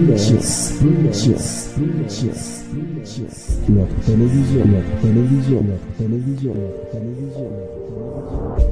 Noticias, noticias, noticias, noticias. Notre télévision, notre télévision, notre télévision, notre télévision, notre télévision.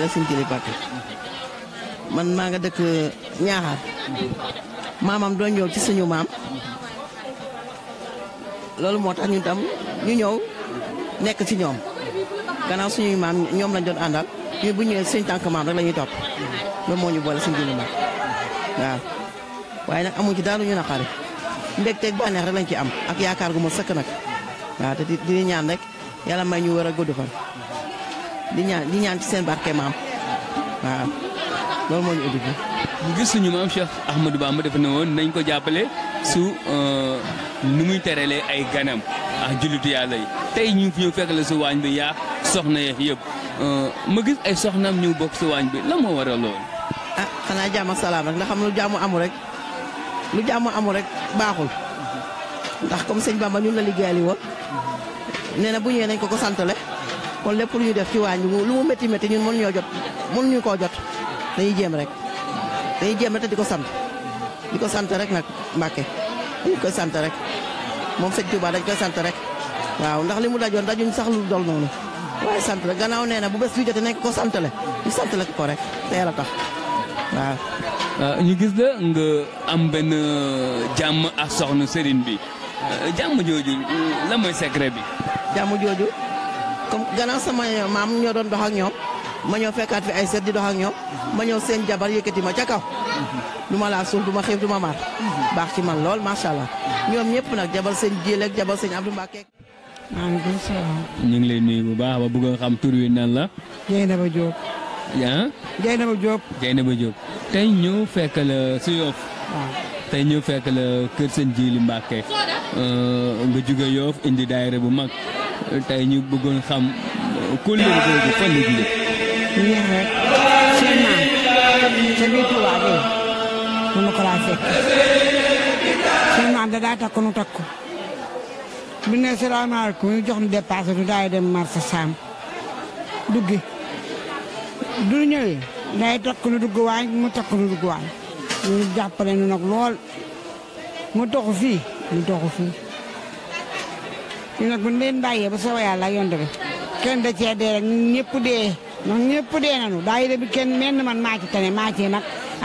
boole sëñ Jili Bakke man maa nga dëkk eh, Ñaaxar maamam doon ñëw ci suñu maam loolu moo ñu tam ñu ñëw nekk ci ñoom gannaaw suñuy maam ñoom lañ doon àndal ñu bu rek ñu waaw ci ñu rek lañ ci am ak yaakaar gu ma sëkk nag waaw te di ñaan rek yàlla may ñu di ñaan di ñaan ci seen barke maam waaw loolu moo ñu indi bi ñu gis suñu maam cheikh ahmadou woon nañ ko jàppale su euh, nu muy teralee ay ganam ak ah, jullitu yàlla yi tey ñu ñëw fekk la su waañ bi yaa soxna yeex yëpp euh, ma gis ay soxnaam ñu bokk si waañ bi la moo waral loolu ah xanaa jàmm ak salaam rek xam lu amu rek lu amu rek baaxul ndax comme sëñ bamba ñun la liggéeyali woon nee na bu ñëwee nañ ko ko santale kon lépp lu ñu def ci waañ lu mu métti métti ñun mënu ñoo jot mënu ñu koo jot dañuy jéem rek dañuy jéem rek te di ko sant di ko sant rek nag Mbàkke dañ koy sant rek moom sëñ Tuubaa dañ koy sant rek waaw ndax li dajoon dajuñ sax lu dol noonu waaye sant rek gannaaw nee na bu bés bi jotee nekk ko sant le ñu sant la ko rek te yàlla tax waaw ah, ñu gis la nga am benn euh, jàmm ak soxna sëriñ bi euh, jàmm jooju la mooy secret bi jàmm jooju comme gannaaw sama maam ñoo doon dox ak ñoom ma ñëw fekkaat fi ay seet di dox ak ñoom ma ñëw seen jabar yëkkati ma ca kaw du ma laa suuf du ma xiif du ma mar baax ci man lool macha allah ñoom ñëpp nag jabar seen jiil ak jabar seen Abdou Mbacke maaleykum salaam. ñu ngi lay nuyu bu baax ba bëgg xam tur wi nan la. Dieynaba Diop. ah. Dieynaba Diop. Dieynaba Diop tey ñu fekk la si Yoff. waaw tey ñu fekk la Kër Sëñ Jili Mbacke. Euh, nga jóge Yoff indi daayira bu mag. tey ñu bëggoon xam euh, kóllëre googu fan la jóge. yéen rek seulement ca biir ko laa fekk nu takku bi ne salaamaaleykum ñu jox nu dépassé du daay dem marché Sam duggi du ñëwee day takk nu dugg waañ mu takk nu dugg waañ ñu jàppale nu nag lool mu toxu fii mu toxu fii. ñu na bu ñu leen bàyyee ba soobee yàlla ak yonent bi kenn da cee dee rek ñëpp dee ñun ñëpp dee nañu daayira bi kenn menn man maa ci tane maa ci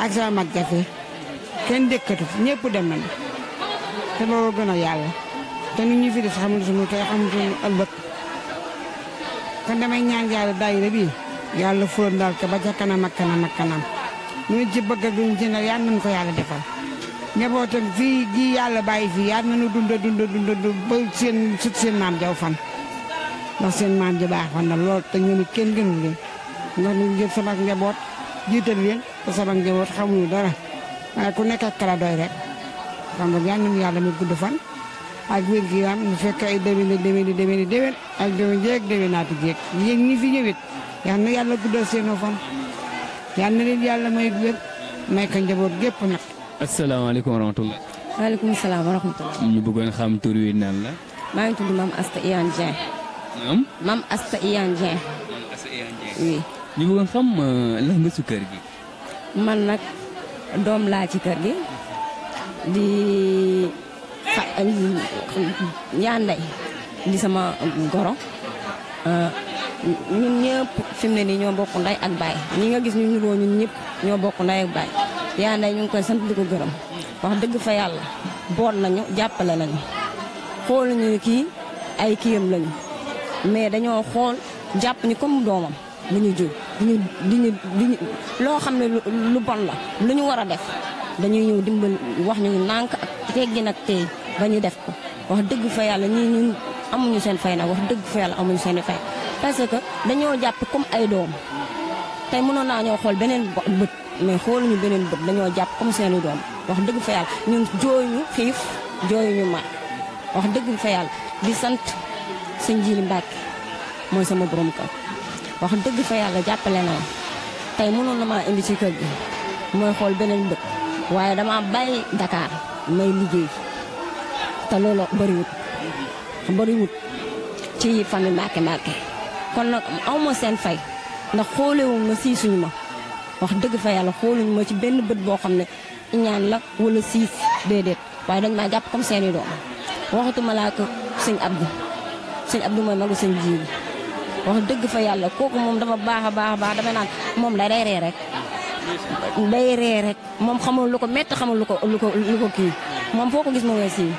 ak sama mag jafe kenn dëkkatu ñépp dem nañu te loolu gën a yàlla te nit ñi fi des xamul suñu tey xamul suñu ëllëg kon damay ñaan yàlla daayira bi yàlla fóon daal ko ba ca kanam ak kanam ak kanam ñu ci bëgg duñ ci ne yàlla nañ ko yàlla defal. njabootam fii ji yàlla bàyyi fii yàlla na nu dunda dunda dunda ba seen sut seen maam jaw fan ndax seen maam ja baaxoon na lool te ñoom it kenn gënul leen ndax ñu jël sama njaboot jiital leen te sama njaboot xamuñu dara waaye ku nekk ak kala doy rek xam nga yàlla nañu yàlla mi gudd fan ak wér gi yaam ñu fekk ay déwéni déwéni déwéni déwén ak déwén jéeg déwénaati jéeg yéen ñi fi ñëwit yàlla na yàlla guddal seen fan yàlla na leen yàlla may wér may gépp nag Assalamualaikum wa rahmatulah. waaleykum salaam wa rahmatulah. ñu bëggoon xam tur wi nan la. maa ngi tudd Mame Asta Iyane Dieng. Mam? Mam Asta Iyane Dieng. Asta Iyane Dieng. oui. ñu bëggoon xam euh, lan nga si kër gi. man nag doom laa ci kër gi. di xa yaa euh, di sama goro. Euh, ñun ñëpp fi mu ne nii ñoo bokk nday ak baay ñi nga gis ñu niroo ñun ñoo bokk nday ak baay. yaa nay ñu ngi koy sant di ko gërëm wax dëgg fa yàlla boot nañu jàppale nañu xooluñu ni kii ay kiyam lañu mais dañoo xool jàpp ñu comme doomam lu ñu jur di ñu di ñu loo xam ne lu bon la lu ñu war a def dañuy ñëw dimbal wax ñu nànk ak teggin nag tey ba ñu def ko wax dëgg fa yàlla ñii ñu amuñu seen fay nag wax dëgg fa yàlla amuñu seen fay parce dañoo jàpp comme ay doom tey mënoon naa ñoo xool beneen bët mais xooluñu beneen bët dañoo jàpp comme seeni doom wax dëgg fa yàlla ñun jooyuñu xiif jooyuñu mar wax dëgg fa di sant sëñ Jili Mbàkke mooy sama borom kër wax dëgg fa yàlla jàppale na tey mënoon na maa indi ci kër gi mooy xool beneen bët waaye dama bàyyi Dakar may liggéey te loolu bëriwut bëriwut ci famille Mbàkke Mbàkke kon nag aw seen fay ndax xoolewuñ ma siisuñu ma wax dëgg fa yàlla xooluñu ma ci benn bët boo xam ne ñaan la wala siis déedéet waaye dañ maa jàpp comme seeni doom waxatuma laa ko sëñ Abdou sëñ Abdou mooy magu sëñ jiibi wax dëgg fa yàlla kooku moom dafa baax a baax a baax dama naan moom day ree rek day ree rek moom xamul lu ko metti xamul lu ko lu ko lu ko kii moom foo ko gis moo ngay siiñ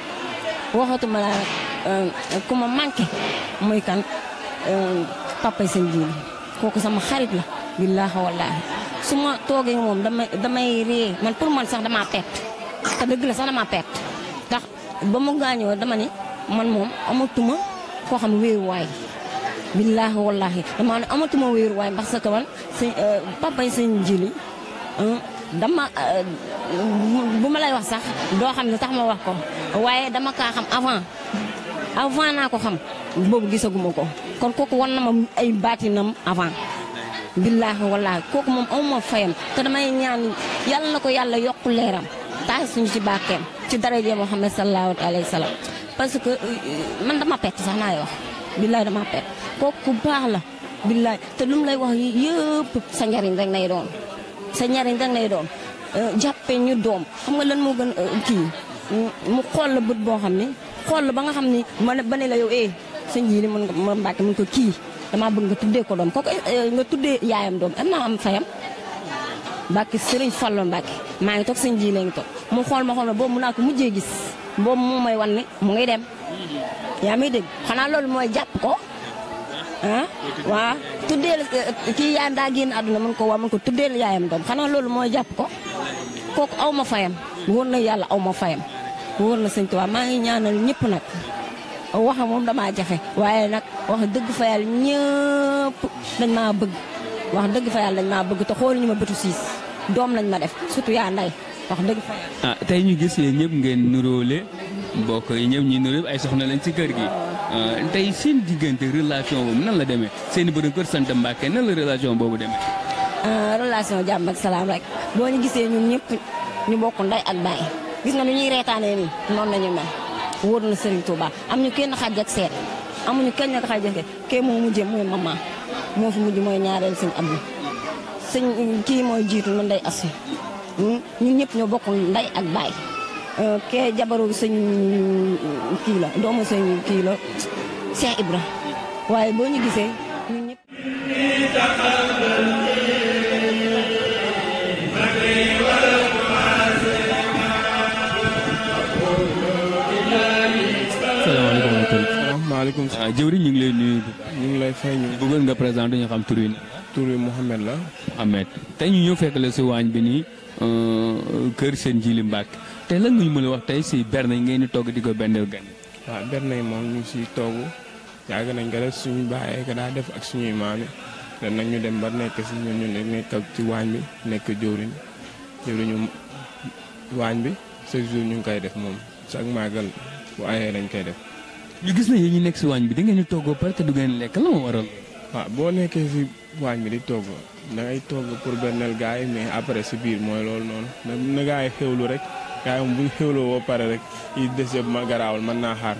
waxatuma laa euh, ku ma manqué muy kan euh, papay sëñ jiibi kooku sama xarit la billaahi wallaahi su ma toogee moom damay damay ree man pour man sax damaa perte te dëgg la sax damaa perte ndax ba mu gaañoo dama ne man moom amatuma koo xam wéeruwaay billaahi wallaahi damaa ne amatuma wéeruwaay parce sa man sëñ euh, papa yi dama euh, bu ma lay wax sax doo xam ne tax ma wax ko waaye dama kaa xam avant avant naa ko xam boobu gisaguma ko kon kooku wan na ma ay baatinam avant billaahi wallaahi kooku moom amuma fayam te damay ñaan yàlla na ko yàlla yokku leeram taas suñu ci bàkkeem ci daraja Muhammad sallallahu alayhi wa sallam parce que euh, man dama pett sax laay wax billaahi dama pett kooku baax la billaahi te lu mu lay wax yëpp sa njariñ rek lay doon sa njariñ lay doon euh, jàppee ñu doom xam nga lan moo gën euh, kii mu xool la bët boo xam ne xool la ba nga xam ne ma ba ne la yow eh sëñ ji li mun ma Mbàkke mun ko kii damaa bëgg nga tuddee ko doom kooku eh, nga tuddee yaayam doom am naa am fayam Mbàkke sëriñ Fallu Mbàkke maa ngi toog sëñ ji la ngi toog mu xool ma xool ma boobu mun naa ko mujjee gis boobu mu may wan ne mu ngi dem yaa may dégg xanaa loolu mooy jàpp ko ah eh, kii yaayam daa génn àdduna mun ko waa mun ko tuddeel yaayam doom xanaa loolu mooy jàpp ko kooku aw ma fayam wóor na yàlla aw ma fayam wóor na sëñ Tuubaa maa ngi ñaanal ñëpp nag wax moom damaa jafe waaye nag wax dëgg fa yàlla ñëpp dañ maa bëgg wax dëgg fa yàlla dañ maa bëgg te xooluñu ma bëtu siis doom lañ ma def surtout yaa nday wax dëgg fa yàlla. ah tey ñu gis yéen ñëpp ngeen nuroole mbokk yi ñëpp ñi nuróo ay soxna lañ ci kër gi. Ah, tey seen diggante relation boobu nan la demee seen borom kër sant Mbàkke nan la relation boobu demee. Ah, relation jàmm ak salaam rek boo ñu gisee ñun ñëpp ñu bokk nday ak baay gis na nu ñuy reetaanee nii noonu ñu mel. wóor na Serigne Touba am ñu kenn xaj ak seet amuñu kenn ak xaj ak seet kee moo mujjee mooy maman moo fi mujj mooy ñaareel sëñ Abdou sëñ kii mooy jiit ma nday Asi ñun ñëpp ñoo bokk nday ak baay euh, kee jabaru sëñ kii la doomu sëñ kii la Cheikh Ibra waaye boo ñu gisee ñun ñëpp. maaleykum salaam ah, jëwri ñu ngi lay nuyu bu baax ñu ngi lay fay ñu bëggoon nga présenté ñu xam tur yi tur yi Mouhamed la Mouhamed tey ñu ñëw fekk la si waañ bi nii euh, kër seen jili mbàkk tey lan nga ñu wax tey si berne yi ngeen di togg di bendel gan waaw berne yi ñu ngi togg yàgg nañ ko def suñu bàyyee ko daa def ak suñuy maami dan nag ñu dem ba nekk si ñun ñu nekk ci waañ bi nekk jëwriñ jëwriñu waañ bi chaque jour ñu ngi koy def moom chaque màggal bu ayee dañ koy def ñu gis na yéen ñu nekk si waañ bi da ngeen di toggoo pare te du ngeen lekk la ma waral. waaw boo nekkee si waañ bi di togg da ngay togg pour bennal gars yi mais après si biir mooy loolu noonu na gars yi xewlu rek gars yi moom bu ñu xewloo boo pare rek yi des yëpp ma garaawal mën naa xaar.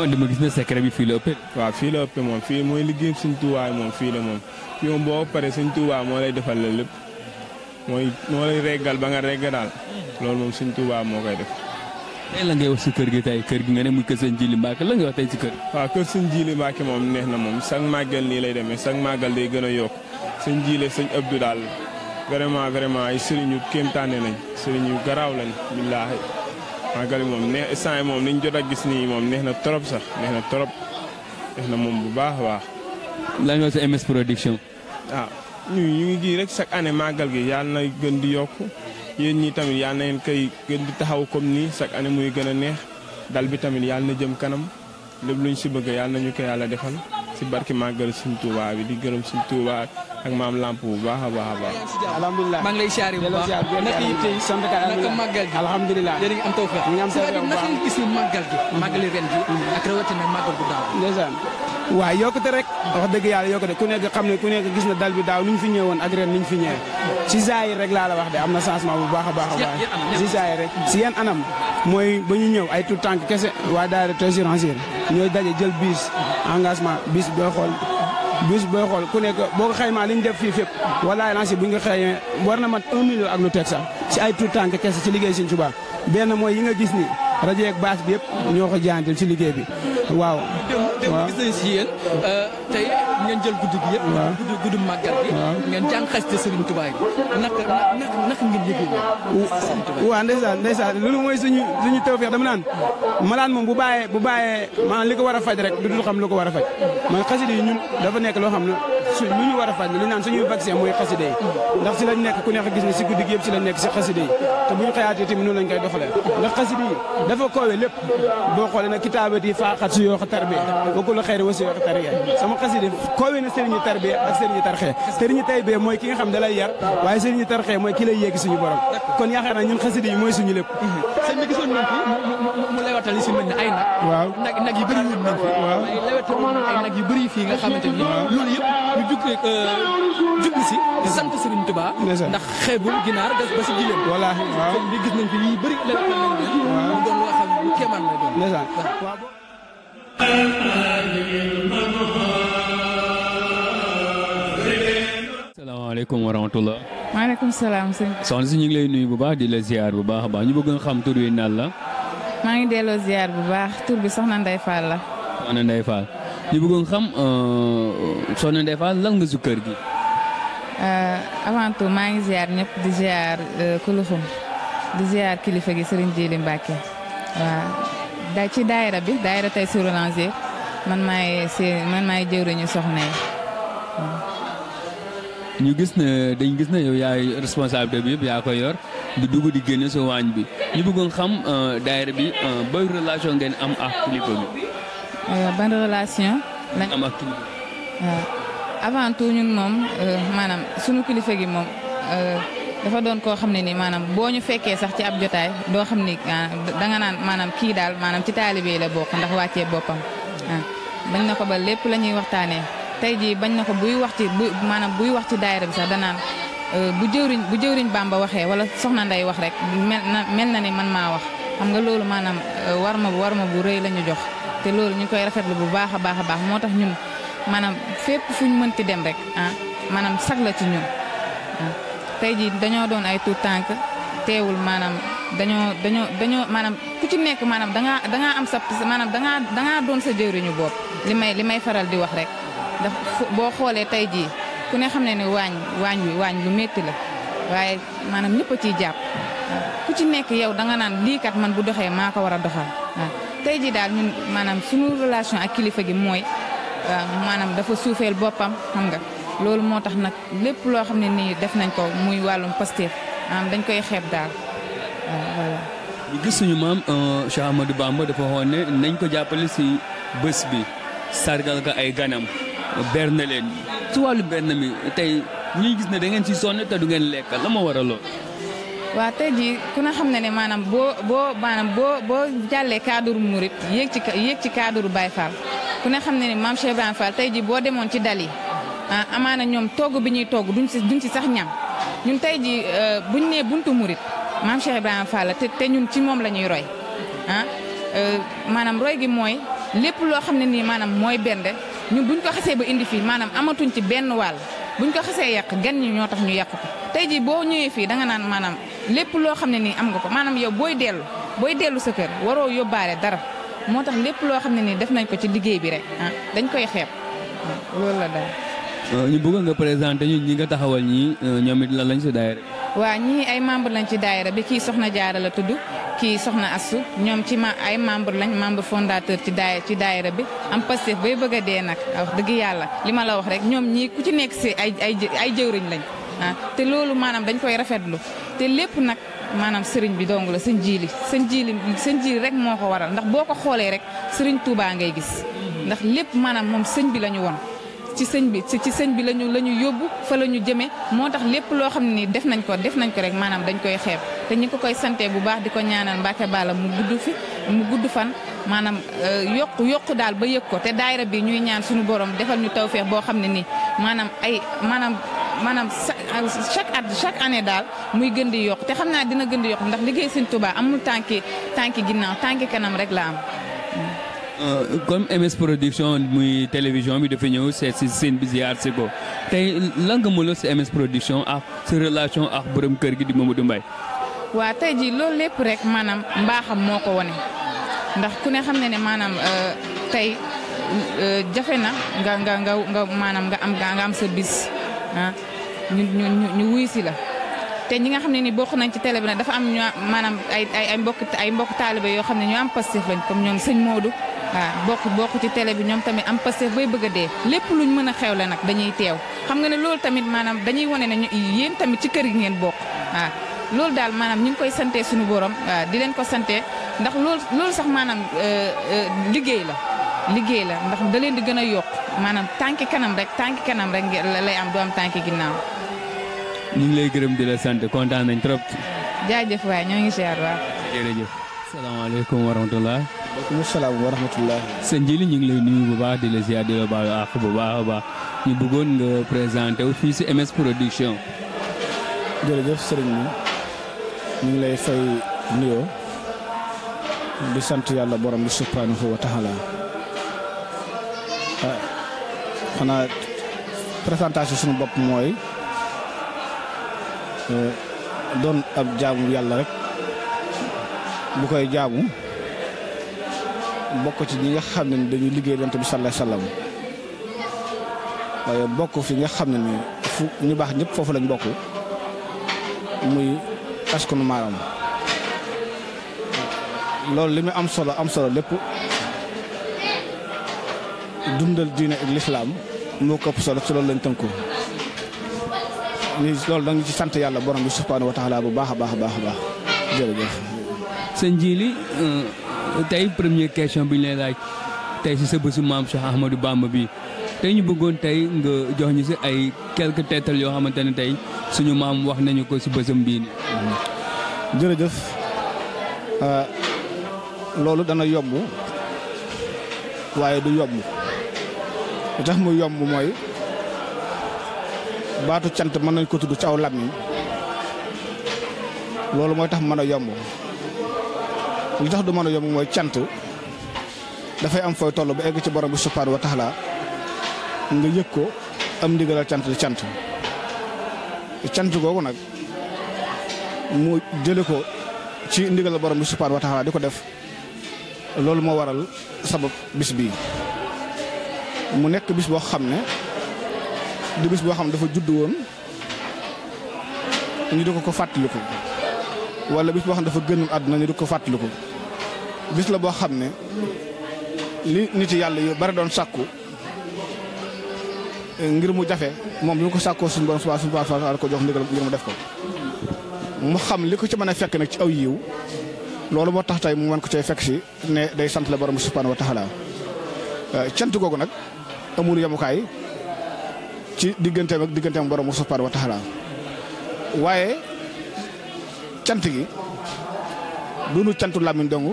man dama gis ne secret bi fii la ëppee. waaw fii la ëppee moom fii mooy liggéey suñ moom fii la moom fii moom boo paree suñ tuwaay moo lay defal la lépp mooy moo lay reggal ba nga regg daal loolu moom suñ tuwaay moo koy def. tey la ngay wax gi tey kër gi nga ne muy kër sëñ Jili Mbacke la ngay wax tey si kër waaw kër sëñ Jili Mbacke moom neex na moom chaque màggal nii lay demee chaque màggal day gën a yokk sëñ Jili sëñ Abdou daal vraiment vraiment ay sëriñu kéemtaane nañ sëriñu garaaw lañ billaahi màggal yi moom neex instant moom niñ jot a gis nii moom neex na trop sax neex na torop neex na moom bu baax a baax la nga wax si MS production waaw ah, ñu ñu ngi gii rek chaque année màggal gi yàlla na gën di yokk yéen ñi tamit yàlla na ngeen koy gën di taxaw ko nii chaque année muy gën a neex dal bi tamit yàlla na jëm kanam lépp luñ si bëgg yàlla nañu ko yàlla defal si barki màggal suñ Tuubaa bi di gërëm suñ Tuubaa ak maam lamp bu baax a baax a baax. alhamdulilah maa ngi lay siyaare sant ka alhamdulilah am tawfeex. ñu ngi am tawfeex bu baax waaw yokkute rek wax dëgg yàlla yokkute ku nekk xam ne ku nekk gis na dal bi daaw ni ñu fi ñëwoon ak ren ni ñu fi ñëwee si zaahir rek laa la wax de am na changement bu baax a baax a baax si zaahir rek si yan anam mooy ba ñu ñëw ay tout tànk kese waa daara Taysiroul Hassir ñooy daje jël bis engagement bis booy xool bis booy xool ku nekk boo ko xaymaa li ñu def fii fépp walaay lancé bu ñu ko xëyee war na mat un million ak lu teg sax si ay tout tànk kese si liggéey Sëñ Tuubaa benn mooy yi nga gis nii rajo yeeg baas bi yëpp ñoo ko jaantil ci liggéey bi waaw. waaw gis nañ euh, tey ngeen jël guddi gi yëpp. waaw guddi guddi màggal gi. ngeen jàng xasida Serigne Touba yi naka naka naka ngeen yëgee loolu. waaw suñu suñu tawfeex dama naan. malaan moom bu bàyyee bu bàyyee maanaam li ko war a faj du dul ko war a faj. man xasida yi ñun dafa nekk loo xam ne su lu ñu war a faj li naan suñuy vaccin mooy xasida yi. ndax si nekk ku neex gis si guddi gi yëpp nekk si xasida yi te buñ xëyaatee tamit noonu lañ koy doxalee. ndax xasida yi dafa koowee lépp boo xoolee nag kitaabati faaxat su yoo xa tarbe bokkul xeer wa su yoo xa tarbe sama xasida كوين سيرني تربية سيرني ترخي سيرني تربية موي كين خم دلالة يار واي سيرني ترخي موي كلا يجي سيني برام كون يا خير نجيم خسدي موي سيني لب سيني كسر من في مولاي واتلي سيمن أينا واو نك نك يبري من في واو مولاي واتلي سيمن أينا نك يبري في نك خم تبي لول يب يجوك يجوك نسي زن تسر من تبا نك خبول جنار بس بس جيلم ولا واو سيني كسر من في يبري لب واو دون لو خم كمان لب نزان واو asalaamaaleykum wa rahmatullah maaleykum salaam sëñ soxna ñu ngi lay nuyu bu baax di la bu baax a baax ñu bëgg nga xam wi naan la maa ngi delloo ziar bu baax tur bi soxna Ndeye Fall la soxna Ndeye Fall ñu bëgg euh, nga xam su kër gi euh, avant tout maa ngi ziar ñëpp di ziar euh, kulufum di ziar kilifa gi Serigne Djili Mbacke waaw da ci daayira bi daayira tey sur man maay man maay jëwriñu soxna yi ñu gis ne dañ gis ne yow yaay responsabilité bi yëpp yaa koy yor di dugg di génne sa waañ bi ñu bëggoon xam euh, daayira bi euh, ban relation ngeen am ak kilifa bi. ba euh, ban relation. lañ am ak kilifa waaw moom maanaam sunu kilifa gi moom. dafa doon koo xam ne nii maanaam boo ñu fekkee sax ci ab jotaay doo xam ni ah, danga naan maanaam kii daal maanaam ci taalibe la bokk ndax wàccee boppam. bañ ah. na ko ba lépp la waxtaanee. tey jii bañ na ko buy wax ci bu maanaam buy wax ci daayira bi sax euh, bu bu Bamba waxee wala soxna Ndey wax rek mel ni man maa wax xam nga loolu maanaam euh, war ma war ma bu rëy la jox te loolu ñu koy rafetlu bu baax a baax a ñun maanaam fépp fu mënti dem rek ah maanaam sag la ci ñun ah. tey jii dañoo doon ay tout tànk teewul mana dañoo dañoo dañoo maanaam ku ci nekk maanaam dangaa am sa maanaam dangaa dangaa doon sa jëwriñu bopp li may faral di wax rek ndax boo xoolee tey jii ku ne xam ne ne waañ waañ wi waañ lu métti la waaye maanaam ñëpp a ciy ku ci nekk yow da nga kat man bu doxee maa ko doxal waaw tey jii ñun maanaam suñu relation ak kilifa gi mooy maanaam dafa suufeel boppam xam nga loolu moo tax nag lépp loo xam def nañ ko muy wàllum Pastef maanaam dañ koy xeeb daal voilà. gis suñu maam euh, Cheikh Amadou Bamba dafa nañ ko bi sargal ay ganam. berne leen ci wàllu berne mi tey ñuy gis ne da ngeen ci sonn te du ngeen lekk la ma war a loo waaw tey jii ku na xam ne ne maanaam boo boo maanaam boo boo jàllee cadre murit yéeg ci yéeg ci cadre Baye Fall ku ne xam ne ne maam Cheikh Ibrahima Fall tey jii boo demoon ci dal yi ah, amaana ñoom togg bi ñuy togg duñ si duñ si sax ñam ñun tey jii euh, buñ ne buntu murit maam Cheikh Ibrahima Fall te te ñun ci moom la ñuy roy ah euh, maanaam roy gi mooy lépp loo xam ne nii maanaam mooy bende ñun buñ ko xasee ba indi fii maanaam amatuñ ci benn wàll buñ ko xasee yàq gan ñi ñoo tax ñu yàq ko tey jii boo ñëwee fii danga naan maanaam lépp loo xam ne nii am nga ko maanaam yow booy dellu booy dellu sa kër waroo yóbbaale dara moo tax lépp loo xam ne nii def nañ ko ci liggéey bi rek ah dañ koy xeeb loolu la daal. Euh, ñu bëggoon nga présenté ñu ñi nga taxawal ñii euh, ñoom it lan lañ si daayira waa ñii ay membre lañ ci daayira bi kii soxna jaara la tudd kii soxna assu ñoom ci ma ay membre lañ membre fondateur ci daay ci daayira bi am pastef bay bëgg a dee nag dëgg yàlla li ma la wax rek ñoom ñii ku ci nekk si ay ay ay jëwriñ lañ ah te loolu maanaam dañ koy rafetlu te lépp nag maanaam sëriñ bi dong la sëñ jiili sëñ jiili sëñ jiili rek moo ko waral ndax boo ko xoolee rek sëriñ Touba ngay gis ndax lépp maanaam moom sëñ bi la ñu woon ci sëñ bi ci sëñ bi lañu la ñu yóbbu fa la ñu jëmee moo tax lépp loo xam ne def nañ ko def nañ ko rek maanaam dañ koy xeeb te ñi ko koy sante bu baax di ko ñaanal Mbacke Balla mu gudd fi mu gudd fan maanaam euh, yokk yokk daal ba yëg ko te daayira bi ñuy ñaan suñu borom defal ñu tawfeex boo xam ne nii maanaam ay maanaam maanaam chaque at chaque année daal muy gën di yokk te xam naa dina gën di yokk ndax liggéey sëñ Touba amul tànki tànki ginnaaw tànki kanam rek la Euh, comme MS production muy télévision bi dafa ñëw seet si seen bi ziar si ko tey lan mënul si MS production ak sa relation ak borom kër gi di Mamadou Mbaye. waa tey jii loolu lépp rek maanaam mbaaxam moo ko wone ndax ku ne xam ne ne maanaam euh, tey euh, jafe na nga nga maanaam nga am nga am sa ah, ñu ñu ñu wuy si la. te ñi nga xam ne ni bokk nañ ci télé bi nag dafa am ñu maanaam ay ay ay mbokk ay mbokk taalibe yoo xam ne ñu am Pastef lañ comme ñoom sëñ Modou. waaw bokk bokk ci télé bi ñoom tamit am passé bay bëgg a dee lépp ñu mën a xewle nag dañuy teew xam nga ne loolu tamit maanaam dañuy wane ne yéen tamit ci kër gi ngeen bokk waaw loolu daal maanaam ñu ngi koy sante suñu borom waaw di leen ko sante ndax loolu loolu sax maanaam euh, euh, liggéey la liggéey la ndax da leen di gën a yokk maanaam tànki kanam rek tànki kanam rek lay am du am tànki ginnaaw. ñu ngi lay gërëm di la sant kontaan nañ trop. jaajëf waay ñoo ngi ziar waay. jërëjëf salaamaaleykum wa rahmatulah. waaleykum salaam wa rahmatullah. ñu ngi lay nuyu bu baax di la ziar di la baalu àq bu ba a baax ñu bëggoon nga présenté wu fii si MS production. jërëjëf sëriñ bi ñu ngi lay fay nuyoo di sant yàlla borom bi subhanahu wa taala ah, xanaa présentation suñu bopp mooy eh, doon ab jaamu yàlla rek bu koy jaamu. bokk ci ñi nga xam ne dañuy liggéey yonent bi sallallahu alayhi wasallam waaye bokk fi nga xam ne ni fu ñu baax ñëpp foofu lañu bokk muy askanu maaram loolu li muy am solo am solo lépp dundal diine ak lislaam moo ko solo ci loolu lañ tënku ñu loolu da ci sant yàlla borom bi subhaanahu wa bu baax a baax a baax a baax jërëjëf sëñ euh, tey première question bi ñu lay laaj tey si sa bésu maam Cheikh Ahmadou Bamba bi tey ñu bëggoon tey nga jox ñu si ay quelques tegtal yoo xamante tey suñu maam wax nañu ko si bésam bii nii. jërëjëf ah, loolu dana yomb waaye du yomb li tax mu yomb mooy baatu cant mën nañ ko tudd ci aw mi loolu mooy tax mu mën a yomb. li tax du mën a yomb mooy cant dafay am fooy toll ba egg ci borom wa taala nga ko am ndigalal cantu di cant cant googu mu jële ko ci ndigalal borom bi subhaanahu wa taala def loolu moo waral sabab bis bii mu nek bis boo xam ne di bis boo xam ne dafa judd woon ñu di ko ko wala bis xam dafa gënul ñu bis la boo xam ne li nit yàlla yu bari doon sàkku eh, ngir mu jafe moom bi mu ko sàkkoo suñu borom subaa subaa subaa ko jox ndigal ngir mu def ko mu xam ci fekk ci aw yiw mu ko fekk si ne day sant la borom subhanahu wa taala eh, cant googu nag amul yemukaay ci digganteem ak digganteem borom subhanahu wa taala gi duñu cantu làmmiñ dong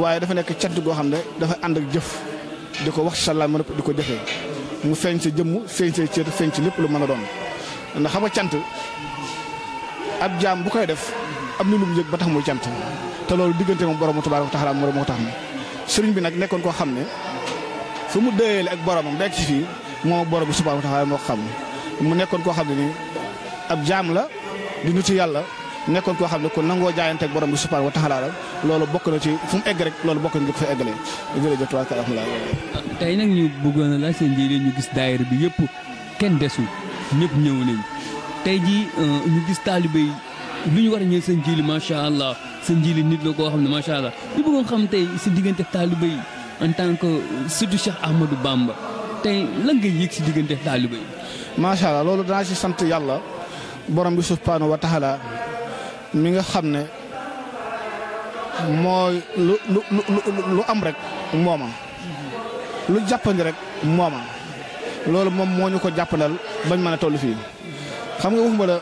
waaye dafa nekk cant goo xam ne dafa ànd ak jëf di ko wax sa làmmiñ di ko jëfee mu feeñ sa jëmm feeñ sa cër feeñ ci lépp lu mën a doon ndax xam nga cant ab jaam bu koy def am na lu mu yëg ba tax mu cant te loolu diggante moom borom tabaaraka wa taala moo tax na sëriñ bi nag nekkoon koo xam ne fu mu dëyeele ak boromam rek ci fii moom borom bi subhaanahu wa taala moo ko xam mu nekkoon koo xam ne nii ab jaam la di nuti yàlla. nekkoon koo xam ne kon nangoo jaayante ak borom bi subhanahu wa taala la loolu bokk na ci fu mu egg rek loolu bokk na ñu ko fa eggalee jërëjëf tabaraka alhamdulilah tey nag ñu bëggoon a laaj seen njëriñ ñu gis daayira bi yëpp kenn desul ñëpp ñëw nañ tey jii euh, ñu gis taalibe yi lu ñu war a ñëw seen njiili macha allah seen njiili nit la koo xam ne macha allah ñu bëggoon xam tey si diggante taalibe yi en tant que surtout Cheikh Ahmadou Bamba tey lan ngay yëg si diggante taalibe yi. macha allah loolu danaa si sant yàlla borom bi subhanahu wa taala mi nga xam ne moo lu lu lu am rek mooma lu jàppandi rek mooma loolu moom moo ñu ko jàppandal bañ ma a toll fii xam nga waxuma la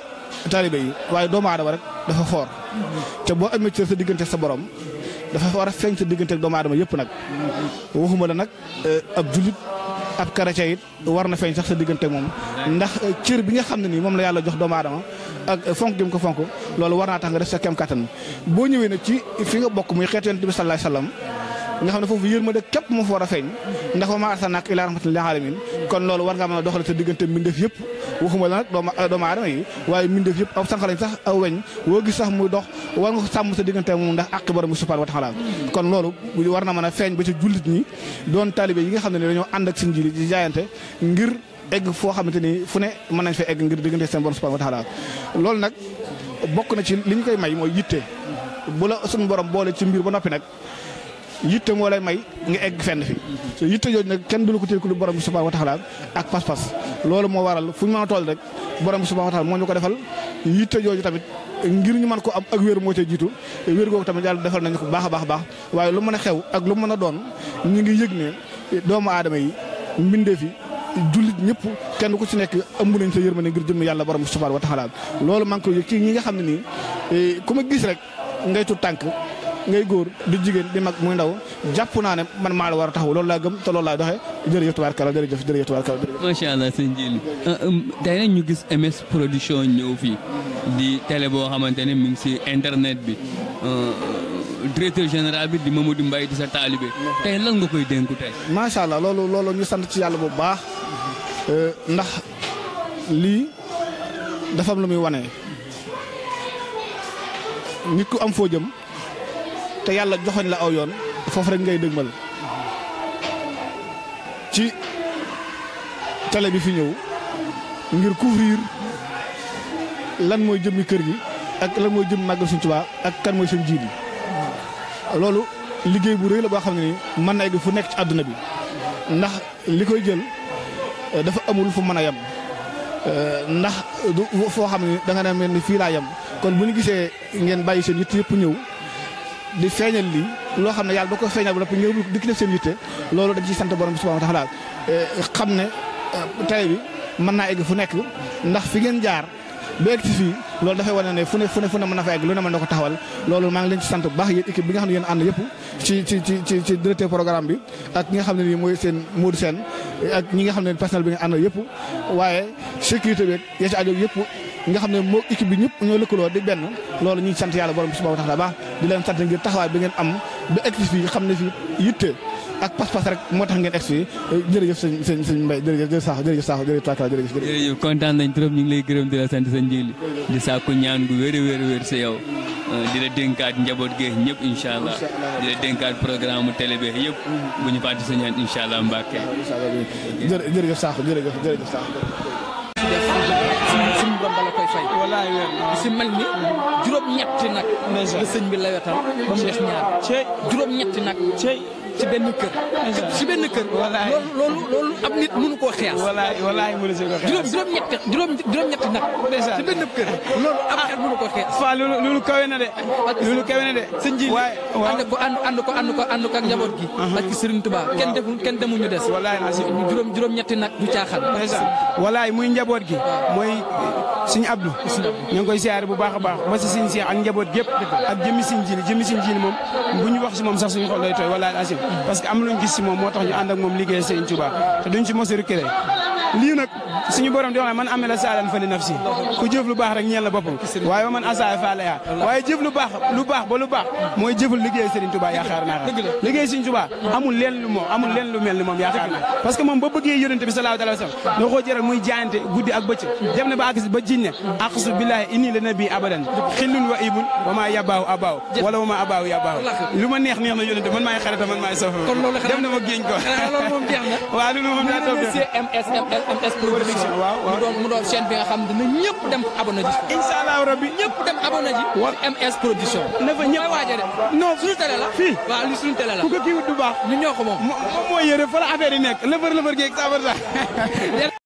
taalibe yi waaye doomu aadama rek dafa xoor te boo amee cër sa diggante sa borom dafa war a feeñ diggante ak doomu yëpp nag waxuma la nag eh, ab jullit ab war na feeñ sax sa diggante moom ndax eh, cër bi nga xam ne nii moom la yàlla jox doomu ak eh, fonk gi ko fonk loolu war naa tax nga def sa kem kattan boo ñëwee nag ci fi nga bokk muy xeetu yonent bi salaay salaam nga xam ne foofu yërmande képp moo fa war a feeñ ndax wa maa arsalnaaka illaa rahmatan lil aalamiin kon war a doxale sa diggante mbindeef yëpp waxuma la nag doomu doomu aadama yi waaye mbindeef yëpp aw sànq sax aw weñ woo gis sax muy dox war nga sàmm sa diggante moom ndax àq borom bi subhaanahu wa taala kon loolu war na man a feeñ ba ci jullit ñi doon taalibe yi nga xam ne dañoo ànd ak seen ji di jaayante ngir egg foo xamante ni fu ne mën nañ fa egg ngir diggante seen borom subhaanahu wa taala loolu nag bokk na ci li ñu koy may mooy yitte bu la suñu borom boole ci mbir ba noppi nag yitte moo lay may nga egg fenn fi so yitte jooju nag kenn du ko téye ku lu borom bi subhanahu wa taala ak pas-pas loolu moo waral fu ñu mën a toll rek borom bi subhanahu wa moo ñu ko defal yitte jooju tamit ngir ñu mën ko am ak wér moo ca jiitu wér googu tamit yàlla defal nañu ko baax baax baax waaye lu mën a xew ak lu mën a doon ñu ngi yég ne doomu aadama yi mbindeef yi jullit ñëpp kenn ku ci nekk ëmb nañ sa yërmande ngir jëm yàlla borom subhaanahu wa taala loolu maa ngi koy yëg ci ñi nga xam ne nii eh, ku ma gis rek ngay tu tànk ngay góor di jigéen di mag muy ndaw jàpp naa ne man maa la war a taxaw loolu laa gëm te loolu laay doxee jërëjëf tubaarkalla jërëjëf jërëjëf tubaarkalla jërëjëf. macha allah sëñ Jili euh, euh, tey nag ñu gis MS production ñëw fii di télé boo xamante ne mi ngi si internet bi. Euh, directeur général bi di Mamadou Mbaye di sa taalibe tey lan nga koy dénku tey. macha allah loolu loolu ñu sant ci yàlla bu baax euh, ndax lii dafa am lu muy wane nit ku am foo jëm te yàlla joxoñ la aw yoon foofu rek ngay dëgmal ci télé bi fi ñëw ngir couvrir lan mooy jëmmi kër gi ak lan mooy jëm màggal Sëñ Tuubaa ak kan mooy seen jiit yi loolu liggéey bu rëy la boo xam ne nii mën na egg fu nekk àdduna bi ndax li koy jël euh, dafa amul fu mën a yem euh, ndax du foo xam ne da nga ne mel ni fii laa yem kon bu ñu gisee ngeen bàyyi seen yitte yëpp ñëw di feeñal lii loo xam ne yàlla da ko feeñal ba noppi ñëw di def seen yitte loolu da ciy sant borom bi subhanahu wa taala euh, xam ne tey bi mën naa egg fu nekk ndax fi ngeen jaar ba egg ci fii loolu dafay wane ne fu ne fu ne fu ne mën na fa lu ne mën na ko taxawal loolu maa ngi leen ci sant bu baax yéen équipe bi nga xam ne yéen ànd yëpp ci ci ci ci ci bi ak nga xam ne nii mooy seen Modou Sène ak ñi nga xam ne personnel bi nga ànd yëpp waaye sécurité bi ya ci aju yëpp nga xam ne moo équipe bi ñëpp ñoo lëkkaloo di benn loolu ñu sant yàlla borom bi subhanahu wa taala baax di leen sant ngir taxawaay bi ngeen am ba egsi fii xam na fi yitte ak pas-pas rek moo tax ngeen egsi jërëjëf sëñ sëñ sëñ Mbaye jërëjëf jërëjëf Sakho jërëjëf Sakho jërëjëf Taka jërëjëf. kontaan nañ trop ñu ngi lay gërëm di la sant sa njëli di sàkku ñaan gu wér a wér si yow euh, di la dénkaat njaboot geex ñëpp incha allah di la dénkaat programme télé beex yëpp bu ñu fàtte sa ñaan incha allah jër jërëjëf Sakho jërëjëf jërëjëf Sakho si mel ni juróom-ñetti nag. la sëñ bi lawetal ba mu des ñaar. juróom-ñetti nag. ci benn kër. si benn kër. wallaay loolu loolu ab nit mënu koo xiyaas. wallaay wallaay mënu si ko xiyaas. juróom-ñett juróom-ñett nag. dèjà si benn kër. loolu ab xel mënu koo xiyaas. Ah, waaw loolu loolu kawe na de. loolu kawe na de. sëñ ji waay waaw ànd ko ànd ko ànd ko ànd ko ak njaboot gi. parce que Serigne Touba kenn deful kenn demul ñu des. wallaay juróom ñetti nag du caaxaan. dèjà wallaay muy njaboot gi. mooy suñu Abdou. ñu ngi koy siyaare bu baax baax ba si suñu seex ak njaboot gépp ak jëmmi siñ jiini moom bu ñu wax si moom sax suñu xol lay tooy wallaay asim parce que am luñ gis si moom moo tax ñu ànd ak moom liggéey Serigne Touba te duñ si mos a lii nag suñu borom di wax ne man amila saalan fa li nafsi ku jëf lu baax rek ñeel na boppam waaye ba man asaay fa la yaa waaye jëf lu baax lu baax ba lu baax mooy jëful liggéey Serigne Touba yaakaar naa liggéey Serigne Touba amul leen lu moom amul leen lu mel ni moom yaakaar naa parce que moom ba bëggee yonente bi sallallahu alayhi wa sallam da koo jëral muy jaayante guddi ak bëccëg dem na ba agsi ba jinne aqsu billahi inni la nabi abadan xillun wa ibun wa maa yabaaw abaaw wala wa maa abaaw yabaaw lu ma neex neex na yonente man maay xarita man maay sofa dem na ma géeñ ko waaw loolu moom daa topp mu doon mu bi nga xam ne ñëpp dem abonné ji. incha allahu dem abonné ji. wa MS production. na fa ñëpp mooy waaj a dem. non suñu télé la. fii waaw ku ko wut du baax. ñun ñoo ko moom. moom mooy yëre fa nekk lëfër lëfër geeg saa